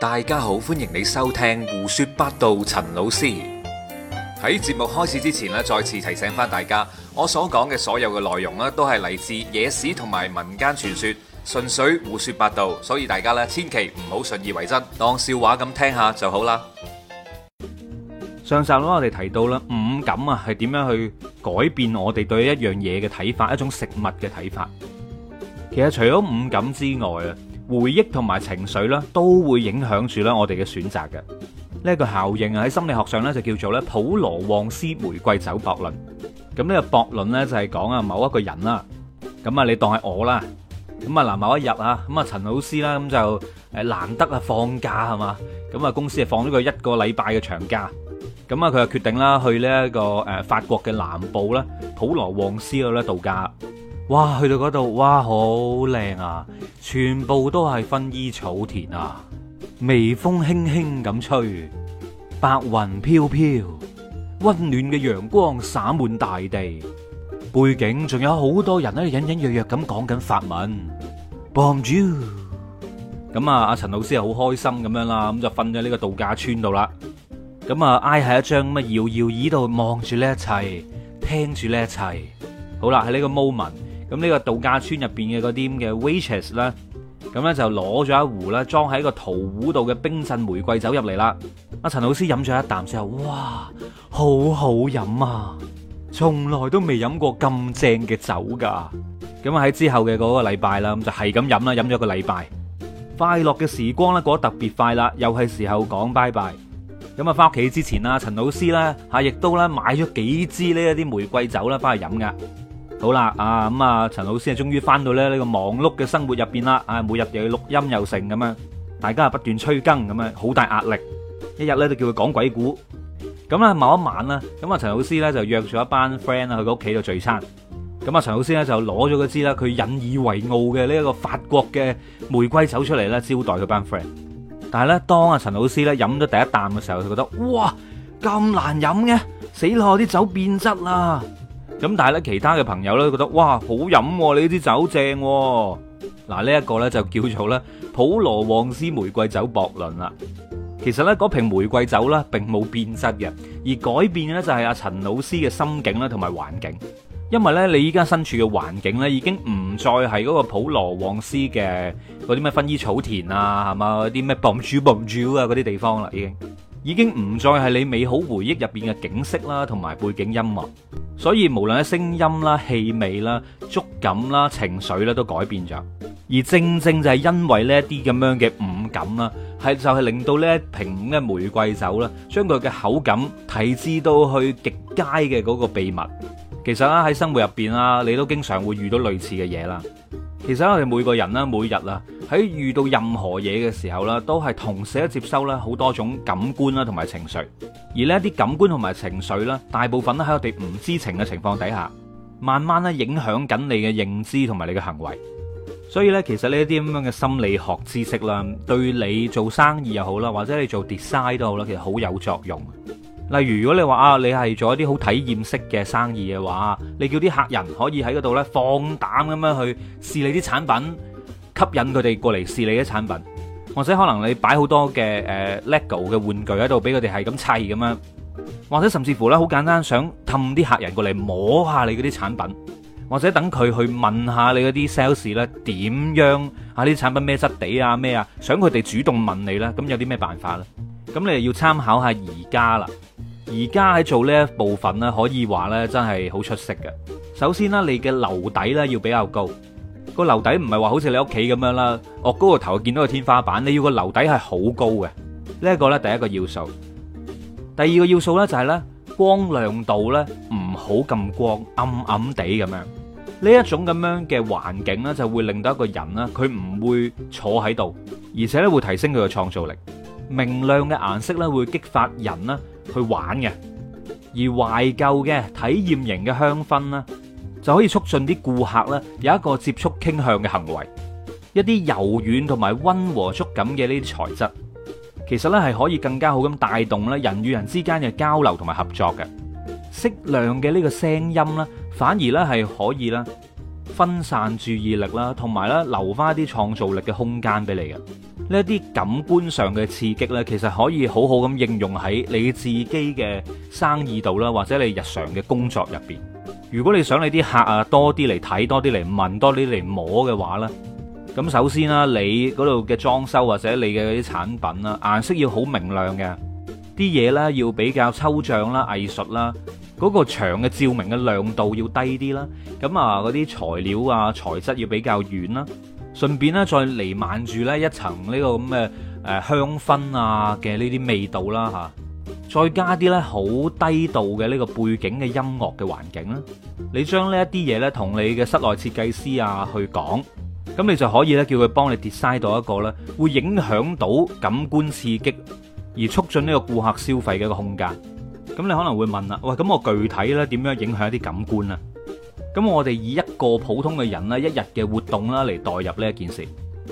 大家好，歡迎你收聽胡說八道。陳老師喺節目開始之前咧，再次提醒翻大家，我所講嘅所有嘅內容咧，都係嚟自野史同埋民間傳說，純粹胡說八道，所以大家咧千祈唔好信以為真，當笑話咁聽下就好啦。上集啦，我哋提到啦，五感啊，係點樣去改變我哋對一樣嘢嘅睇法，一種食物嘅睇法。其實除咗五感之外啊。回憶同埋情緒啦，都會影響住咧我哋嘅選擇嘅。呢一個效應啊，喺心理學上咧就叫做咧普羅旺斯玫瑰酒悖論。咁呢個悖論咧就係講啊，某一個人啦。咁啊你當係我啦。咁啊嗱，某一日啊，咁啊陳老師啦，咁就誒難得啊放假係嘛。咁啊公司啊放咗個一個禮拜嘅長假。咁啊佢就決定啦，去呢一個誒法國嘅南部啦，普羅旺斯嗰度度假。哇，去到嗰度哇，好靚啊！全部都係薰衣草田啊，微風輕輕咁吹，白雲飄飄，溫暖嘅陽光灑滿大地，背景仲有好多人喺度隱隱約約咁講緊法文。Bonjour！咁啊，阿陳老師啊，好開心咁樣啦，咁就瞓喺呢個度假村度啦。咁啊，挨喺一張乜搖搖椅度望住呢一切，聽住呢一切。好啦，喺呢個 moment。咁呢個度假村入邊嘅嗰啲嘅 waitress 咧，咁咧就攞咗一壺啦，裝喺個陶壺度嘅冰鎮玫瑰酒入嚟啦。阿陳老師飲咗一啖之後，哇，好好飲啊！從來都未飲過咁正嘅酒㗎。咁啊喺之後嘅嗰個禮拜啦，咁就係咁飲啦，飲咗個禮拜。快樂嘅時光咧過得特別快啦，又係時候講 bye bye 咁啊，翻屋企之前啦，陳老師咧嚇亦都咧買咗幾支呢一啲玫瑰酒啦，翻去飲噶。好啦，啊咁、嗯、啊，陳老師啊，終於翻到咧呢個忙碌嘅生活入邊啦，啊每日又要錄音又成咁樣，大家啊不斷催更咁樣，好大壓力。一日咧就叫佢講鬼故。咁、嗯、咧某一晚咧，咁、嗯、啊陳老師咧就約咗一班 friend 啦去佢屋企度聚餐。咁、嗯、啊陳老師咧就攞咗佢支啦，佢引以為傲嘅呢一個法國嘅玫瑰酒出嚟咧招待佢班 friend。但係咧當阿、啊、陳老師咧飲咗第一啖嘅時候，佢覺得哇咁難飲嘅，死咯，啲酒變質啦！咁但係咧，其他嘅朋友咧覺得哇，好飲、啊、你呢支酒正嗱。呢一個呢，就叫做呢普羅旺斯玫瑰酒悖論啦。其實呢，嗰瓶玫瑰酒呢，並冇變質嘅，而改變呢，就係阿陳老師嘅心境啦，同埋環境。因為呢，你依家身處嘅環境呢，已經唔再係嗰個普羅旺斯嘅嗰啲咩薰衣草田啊，係嘛啲咩 bamboo bamboo 啊嗰啲地方啦，已經已經唔再係你美好回憶入邊嘅景色啦，同埋背景音樂。所以，無論係聲音啦、氣味啦、觸感啦、情緒咧，都改變咗。而正正就係因為呢一啲咁樣嘅五感啦，係就係令到呢一瓶嘅玫瑰酒咧，將佢嘅口感提至到去極佳嘅嗰個秘密。其實啊，喺生活入邊啊，你都經常會遇到類似嘅嘢啦。其實我哋每個人啦，每日啊，喺遇到任何嘢嘅時候啦，都係同時接收啦好多種感官啦，同埋情緒。而呢啲感官同埋情緒咧，大部分咧喺我哋唔知情嘅情況底下，慢慢咧影響緊你嘅認知同埋你嘅行為。所以咧，其實呢啲咁樣嘅心理學知識啦，對你做生意又好啦，或者你做 design 都好啦，其實好有作用。例如，如果你話啊，你係做一啲好體驗式嘅生意嘅話，你叫啲客人可以喺嗰度呢放膽咁樣去試你啲產品，吸引佢哋過嚟試你啲產品，或者可能你擺好多嘅誒、呃、Lego 嘅玩具喺度俾佢哋係咁砌咁樣，或者甚至乎呢，好簡單，想氹啲客人過嚟摸下你嗰啲產品，或者等佢去問下你嗰啲 sales 呢點樣啊？呢啲產品咩質地啊？咩啊？想佢哋主動問你呢，咁有啲咩辦法呢？咁你又要參考下而家啦，而家喺做呢一部分咧，可以話咧真係好出色嘅。首先啦，你嘅樓底咧要比較高，個樓底唔係話好似你屋企咁樣啦，哦高個頭見到個天花板，你要個樓底係好高嘅。呢一個咧，第一個要素，第二個要素咧就係咧光亮度咧唔好咁光，暗暗地咁樣，呢一種咁樣嘅環境咧就會令到一個人咧佢唔會坐喺度，而且咧會提升佢嘅創造力。明亮嘅顏色咧，會激發人咧去玩嘅；而懷舊嘅體驗型嘅香薰咧，就可以促進啲顧客咧有一個接觸傾向嘅行為。一啲柔軟同埋溫和觸感嘅呢啲材質，其實咧係可以更加好咁帶動咧人與人之間嘅交流同埋合作嘅。適量嘅呢個聲音咧，反而咧係可以啦分散注意力啦，同埋咧留翻啲創造力嘅空間俾你嘅。呢啲感官上嘅刺激呢，其實可以好好咁應用喺你自己嘅生意度啦，或者你日常嘅工作入邊。如果你想你啲客啊多啲嚟睇，多啲嚟問，多啲嚟摸嘅話呢，咁首先啦，你嗰度嘅裝修或者你嘅啲產品啊，顏色要好明亮嘅，啲嘢呢，要比較抽象啦、藝術啦，嗰個牆嘅照明嘅亮度要低啲啦，咁啊嗰啲材料啊材質要比較軟啦。順便咧，再彌漫住咧一層呢個咁嘅誒香薰啊嘅呢啲味道啦嚇，再加啲咧好低度嘅呢個背景嘅音樂嘅環境啦。你將呢一啲嘢咧同你嘅室內設計師啊去講，咁你就可以咧叫佢幫你 design 到一個咧會影響到感官刺激而促進呢個顧客消費嘅一個空間。咁你可能會問啦，喂，咁我具體咧點樣影響一啲感官啊？咁我哋以一個普通嘅人啦，一日嘅活動啦嚟代入呢一件事。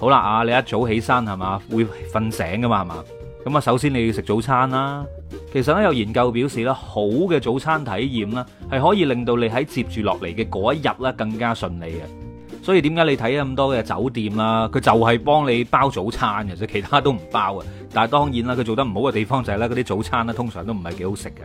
好啦，啊，你一早起身係嘛，會瞓醒㗎嘛係嘛？咁啊，首先你要食早餐啦。其實咧有研究表示咧，好嘅早餐體驗咧，係可以令到你喺接住落嚟嘅嗰一日咧更加順利嘅。所以點解你睇咁多嘅酒店啦？佢就係幫你包早餐嘅啫，其他都唔包啊。但係當然啦，佢做得唔好嘅地方就係咧，嗰啲早餐咧通常都唔係幾好食嘅，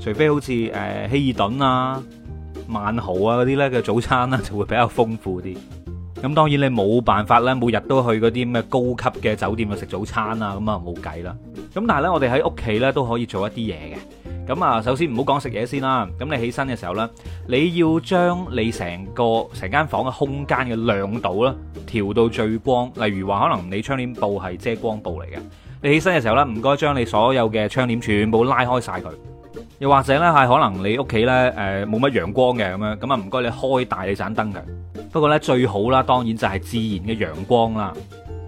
除非好似誒、呃、希爾頓啊。萬豪啊嗰啲呢嘅早餐呢就會比較豐富啲。咁當然你冇辦法呢，每日都去嗰啲咩高級嘅酒店去食早餐啊，咁啊冇計啦。咁但係呢，我哋喺屋企呢都可以做一啲嘢嘅。咁啊，首先唔好講食嘢先啦。咁你起身嘅時候呢，你要將你成個成間房嘅空間嘅亮度呢調到最光。例如話可能你窗簾布係遮光布嚟嘅，你起身嘅時候呢，唔該將你所有嘅窗簾全部拉開晒佢。又或者咧，係可能你屋企咧，誒，冇乜陽光嘅咁樣，咁啊，唔該你開大你盞燈嘅。不過咧，最好啦，當然就係自然嘅陽光啦。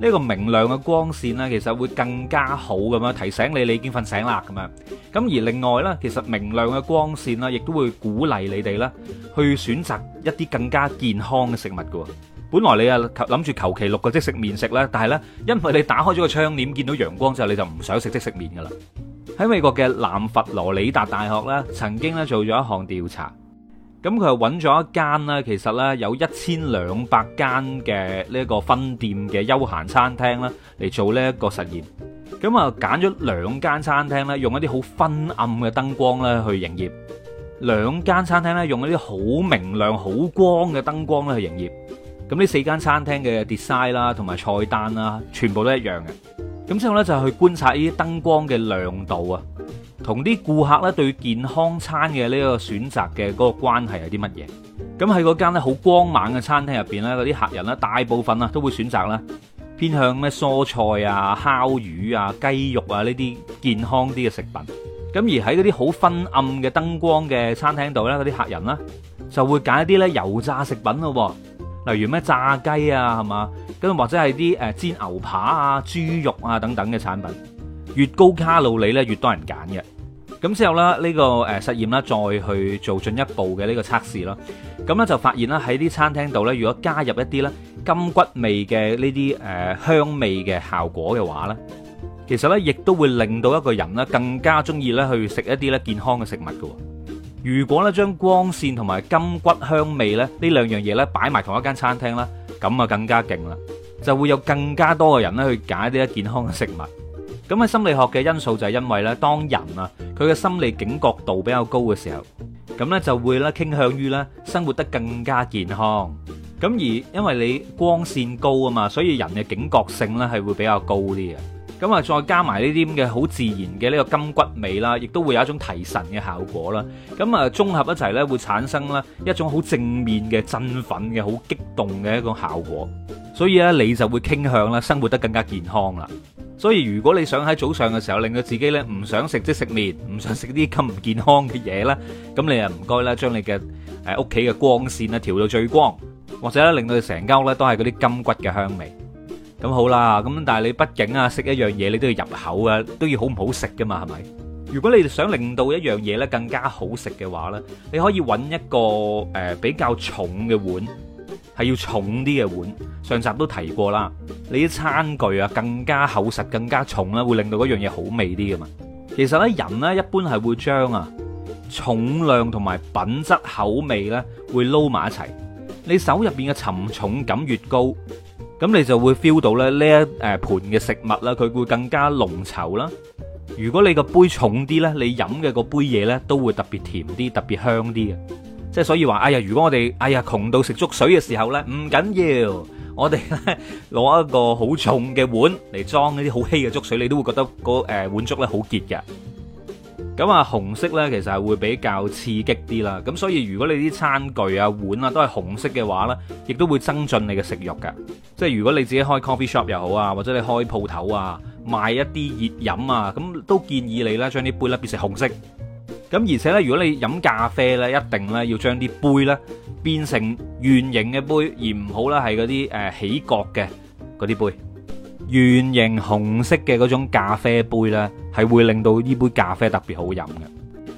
呢個明亮嘅光線咧，其實會更加好咁樣提醒你，你已經瞓醒啦咁樣。咁而另外咧，其實明亮嘅光線啦，亦都會鼓勵你哋咧，去選擇一啲更加健康嘅食物噶。本來你啊，諗住求其六個即食麵食啦，但係咧，因為你打開咗個窗簾見到陽光之後，你就唔想食即食麵噶啦。喺美國嘅南佛羅里達大學咧，曾經咧做咗一項調查，咁佢係揾咗一間咧，其實咧有一千兩百間嘅呢一個分店嘅休閒餐廳啦，嚟做呢一個實驗。咁啊揀咗兩間餐廳咧，用一啲好昏暗嘅燈光咧去營業；兩間餐廳咧用一啲好明亮、好光嘅燈光咧去營業。咁呢四間餐廳嘅 design 啦，同埋菜單啦，全部都一樣嘅。咁之後咧就係去觀察呢啲燈光嘅亮度啊，同啲顧客咧對健康餐嘅呢個選擇嘅嗰個關係係啲乜嘢？咁喺嗰間咧好光猛嘅餐廳入邊咧，嗰啲客人咧大部分啊都會選擇咧偏向咩蔬菜啊、烤魚啊、雞肉啊呢啲健康啲嘅食品。咁而喺嗰啲好昏暗嘅燈光嘅餐廳度咧，嗰啲客人啦就會揀一啲咧油炸食品咯喎。例如咩炸雞啊，係嘛，咁或者係啲誒煎牛扒啊、豬肉啊等等嘅產品，越高卡路里咧，越多人揀嘅。咁之後咧，呢個誒實驗咧，再去做進一步嘅呢個測試啦。咁咧就發現咧喺啲餐廳度咧，如果加入一啲咧金骨味嘅呢啲誒香味嘅效果嘅話咧，其實咧亦都會令到一個人咧更加中意咧去食一啲咧健康嘅食物噶。如果咧將光綫同埋金骨香味咧呢兩樣嘢咧擺埋同一間餐廳咧，咁啊更加勁啦，就會有更加多嘅人咧去揀一啲咧健康嘅食物。咁喺心理學嘅因素就係因為咧，當人啊佢嘅心理警覺度比較高嘅時候，咁咧就會咧傾向於咧生活得更加健康。咁而因為你光綫高啊嘛，所以人嘅警覺性咧係會比較高啲嘅。咁啊，再加埋呢啲咁嘅好自然嘅呢個柑橘味啦，亦都會有一種提神嘅效果啦。咁啊，綜合一齊咧，會產生咧一種好正面嘅振奮嘅好激動嘅一種效果。所以咧，你就會傾向咧，生活得更加健康啦。所以如果你想喺早上嘅時候令到自己咧唔想食即食麵，唔想食啲咁唔健康嘅嘢咧，咁你啊唔該啦，將你嘅誒屋企嘅光線啊調到最光，或者咧令到成間屋咧都係嗰啲柑橘嘅香味。咁好啦，咁但係你畢竟啊食一樣嘢，你都要入口啊，都要好唔好食噶嘛，係咪？如果你想令到一樣嘢咧更加好食嘅話咧，你可以搵一個誒比較重嘅碗，係要重啲嘅碗。上集都提過啦，你啲餐具啊更加厚實、更加重啦，會令到嗰樣嘢好味啲噶嘛。其實咧，人咧一般係會將啊重量同埋品質、口味咧會撈埋一齊。你手入邊嘅沉重感越高，.咁你就會 feel 到咧呢一誒盤嘅食物啦，佢會更加濃稠啦。如果你個杯重啲呢，你飲嘅個杯嘢呢，都會特別甜啲、特別香啲嘅。即係所以話，哎呀，如果我哋哎呀窮到食粥水嘅時候呢，唔緊要，我哋呢攞一個好重嘅碗嚟裝一啲好稀嘅粥水，你都會覺得嗰碗粥咧好結嘅。咁啊，紅色呢其實係會比較刺激啲啦。咁所以如果你啲餐具啊、碗啊都係紅色嘅話呢，亦都會增進你嘅食欲嘅。即係如果你自己開 coffee shop 又好啊，或者你開鋪頭啊，賣一啲熱飲啊，咁都建議你呢將啲杯呢變成紅色。咁而且呢，如果你飲咖啡呢，一定呢要將啲杯呢變成圓形嘅杯，而唔好呢係嗰啲誒起角嘅嗰啲杯。圓形紅色嘅嗰種咖啡杯呢。係會令到呢杯咖啡特別好飲嘅。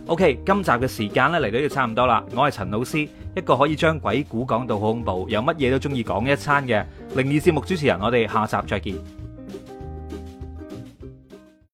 OK，今集嘅時間呢嚟到就差唔多啦。我係陳老師，一個可以將鬼故講到好恐怖，又乜嘢都中意講一餐嘅靈異節目主持人。我哋下集再見。